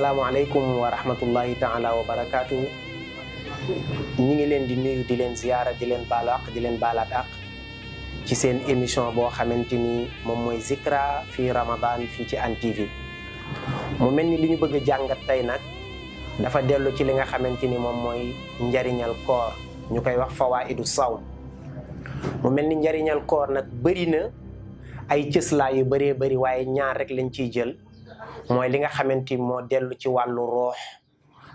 Assalamualaikum warahmatullahi taala wabarakatuh. ñi ngi leen di nuyu di leen ziyaara di leen baalu ak di leen balat ak ci seen émission bo xamanteni mom moy Zikra fi Ramadan fi ci an TV mu melni ni li ñu bëgg jangat tay nak dafa delu ci li nga xamanteni mom moy mooy njariñal koor ñukay wax fawaidu saw mu melni ni njariñal koor nak bari na ay la yu bari bari waye ñaar rek lañ ciy jël mooy li nga xamante ni moo dellu ci wàllu roox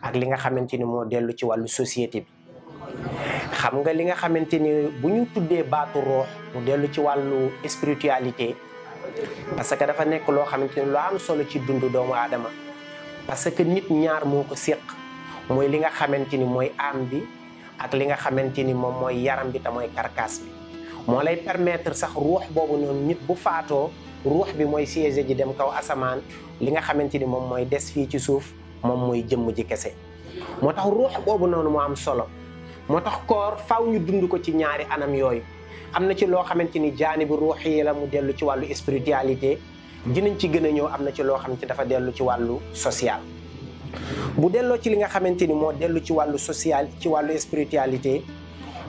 ak li nga xamante ni moo dellu ci wàllu société bi xam nga li nga xamante ni bu ñu tuddee baatu roox mu dellu ci wàllu spiritualité parce que dafa nekk loo xamante ni lu am solo ci dundu doomu aadama parce que nit ñaar moo ko séq mooy li nga xamante ni mooy âme bi ak li nga xamante ni moom mooy yaram bi ta mooy karkaas bi moo lay permettre sax ruux boobu noonu nit bu faatoo ruux bi mooy siège ji dem kaw asamaan li nga xamante ni moom mooy des fii ci suuf moom mooy jëmm ji kese moo tax ruux boobu noonu moo am solo moo tax koor faw ñu dund ko ci ñaari anam yooyu am na ci loo xamante ni jaani bu ruux yi la mu dellu ci wàllu spiritualité dinañ ci gën a ñëw am na ci loo xam ne dafa dellu ci wàllu social bu delloo ci li nga xamante ni moo dellu ci wàllu social ci wàllu spiritualité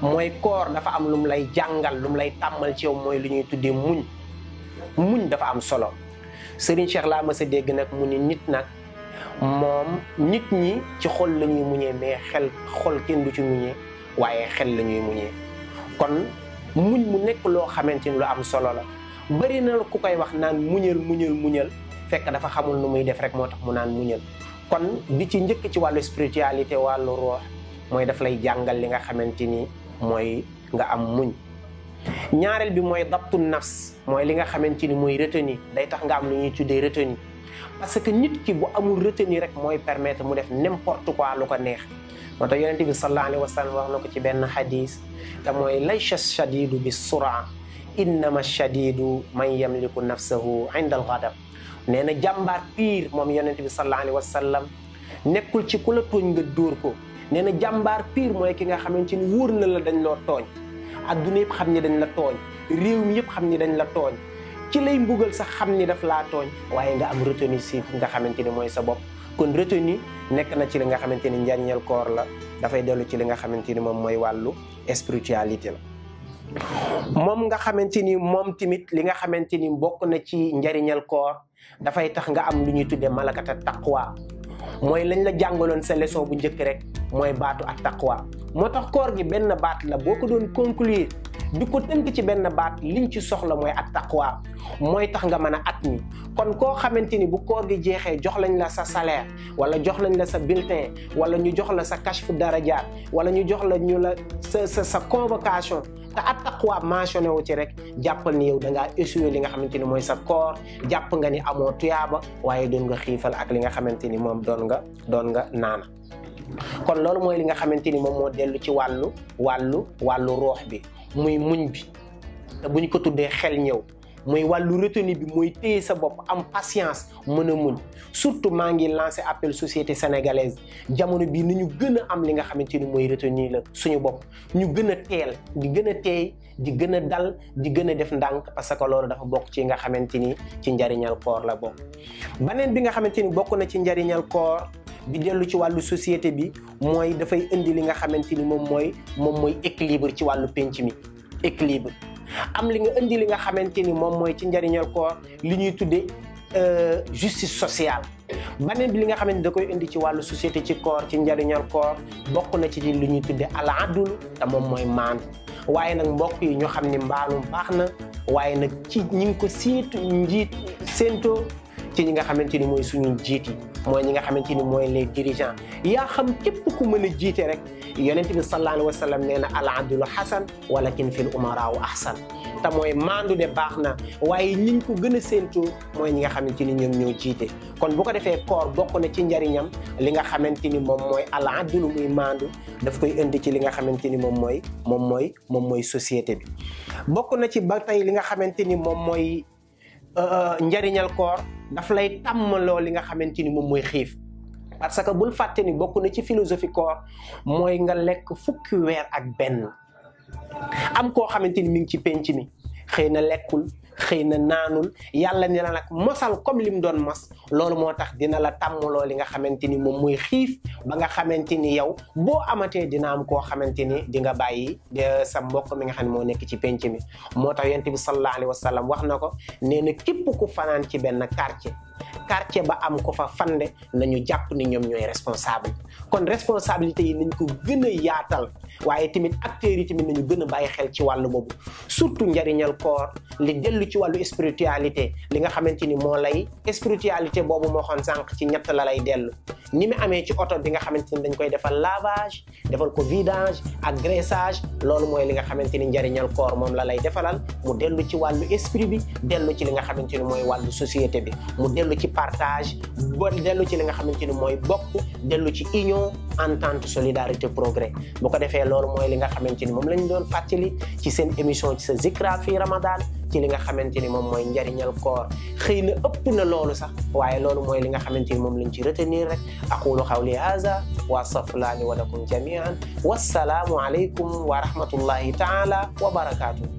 moy koor dafa am lum lay janggal, lum lay tamal ci yow moy luñuy tuddé muñ muñ dafa am solo Serigne Cheikh ma sa dégg nak mu ni nit nak, mom nit ñi ci xol lañuy muñé mé xel xol kenn du ci muñé wayé xel lañuy muñé kon muñ mu nekk lo xamanteni lu am solo la bari na ku koy wax naan muñel muñel muñel fekk dafa xamul nu muy def rek motax mu naan muñel kon di ci ñëk ci walu spiritualité walu roh moy daf lay jangal li nga xamanteni mooy ah. nga am muñ ñaareel bi mooy dabtu nafs mooy li nga xamante ni mooy retenue day tax nga am lu ñuy tuddee retenue parce que nit ki bu amul retenue rek mooy permettre mu def n'importe quoi lu ko neex moo tax yonente bi sallallahu alayhi wa sallam ko ci benn xadis te mooy laysa shadidu bi sura innama shadidu man yamliku nafsahu inda alghadab nee na jàmbaar pire moom yonente bi sallallahu wa sallam nekkul ci ku la tooñ nga dóor ko Nenek jambar pir moy ki nga xamante ni wóor na la dañ lo togn aduna yeb xam dañ la togn rew mi yeb dañ la togn ci lay mbugal sax daf la togn waye nga am retenu si nga xamante ni sa bop kon retenu nek na ci li nga xamante ni koor la fay delu ci li nga xamante ni moom mooy wàllu spiritualité la mom nga xamante ni mom timit, li nga xamante ni bokk na ci njariñal koor fay tax nga am lu ñuy malakata taqwa mooy lañ la jàngaloon sa leçon bu njëkk rek mooy baatu ak taqwa moo tax koor gi benn baat la boo ko doon conclure bi ko tënk ci benn baat liñ ci soxla mooy ak taqwa mooy tax nga man a at mi kon koo xamante ni bu koor gi jeexee jox lañ la sa salaire wala jox lañ la sa bulletin wala ñu jox la sa kashfu darajaat wala ñu jox la ñu la sa sa sa convocation te at taqwa mentionné wu ci rek jàppal ni yow da ngaa li nga xamante ni mooy sa koor jàpp nga ni amoo tuyaaba waaye doon nga xiifal ak li nga xamante ni moom doon nga doon nga naana kon loolu mooy li nga xamante ni moom moo dellu ci wàllu wàllu wàllu roox bi muy muñ bi te buñ ko tuddee xel ñëw mooy wàllu retenue bi mooy téye sa bopp am patience mën a muñ surtout maa ngi lancé appel société sénégalaise jamono bii ni ñu gën a am li nga xamante ni mooy retenue la suñu bopp ñu gën a teel di gën a teey di gën a dal di gën a def ndànk parce que loolu dafa bokk ci nga xamante ni ci njariñal koor la bokk beneen bi nga xamante ni bokk na ci njariñal koor bi dellu ci wàllu société bi mooy dafay indi li nga xamante moom mooy moom mooy équilibre ci wàllu penc mi équilibre am li nga indi li nga xamante ni moom mooy ci njariñal koor li ñuy tuddee euh, justice sociale baneen bi li nga xamante da koy indi ci wàllu société ci koor ci njariñal koor bokk na ci li ñuy tuddee alaadul te moom mooy maan waaye nag mbokk yi ñu xam ni mbaalum baax na waaye nag ci ñi ngi ko siitu njiit séentoo ci ñi nga xamante ni mooy suñu njiit yi mooy ñi nga xamante ni mooy les dirigeants yaa xam képp ku mën a jiite rek yonent bi sallallahu alayhi wa sallam nee na al adlu hasan walakin fil umaraawu ahsan ta mooy maandu de baax na waaye ñiñ ko gën a séentu mooy ñi nga xamante ni ñoom ñoo jiite kon bu ko defee koor bokk na ci njariñam li nga xamante ni moom mooy al adlu muy maandu daf koy indi ci li nga xamante ni moom mooy moom mooy moom mooy société bi bokk na ci ba tey li nga xamante ni moom mooy euh, euh, njariñal koor daf lay tàmmaloo li nga xamante ni moom mooy xiif parce que bul fàtte ni bokk na ci philosophie koor mooy nga lekk fukki weer ak benn am koo xamante ni mi ngi ci penc mi xëy na lekkul xëy na naanul yàlla ne la nag mosal comme li mu doon mos loolu moo tax dina la tàmmaloo li nga xamante ni moom muy xiif ba nga xamante ni yow boo amatee dina am koo xamante ni di nga bàyyi eh, sa mbokk mi nga xam ne moo nekk ci penc mi moo tax yonent bi sallallahu alayhi wa sallam wax na ko nee na képp ku fanaan ci benn quartier quartier ba am ko fa fande nañu japp ni ñom ñoy responsable kon responsabilité yi nañ ko gëna a yaatal waye timit acteur yi timit nañu gëna a xel ci walu bobu surtout njariñal koor li delu ci walu spiritualité li nga xamanteni mo lay spiritualité bobu mo xon sank ci ñett la lay delu ni mu ci auto bi nga xamanteni dañ koy defal lavage defal ko vidange ak graissage loolu moy li nga xamanteni ni njariñal koor mom la lay defalal mu delu ci walu esprit bi delu ci li nga xamanteni moy walu société bi mu dellu ci partage bon dellu ci li nga xamanteni ni mooy bokk dellu ci union entente solidarité progrès bu ko defé loolu moy li nga xamanteni mom lañ doon fatali ci seen émission ci sa zikra fi ramadan ci li nga xamanteni mom moy ndariñal njariñal koor xëy na ëpp na loolu sax waye loolu moy li nga xamanteni mom lañ ci retenir rek aqulu qawli hadha wa astaghfirullah wa lakum jamian wassalamu alaykum wa rahmatullahi taala wa barakatuh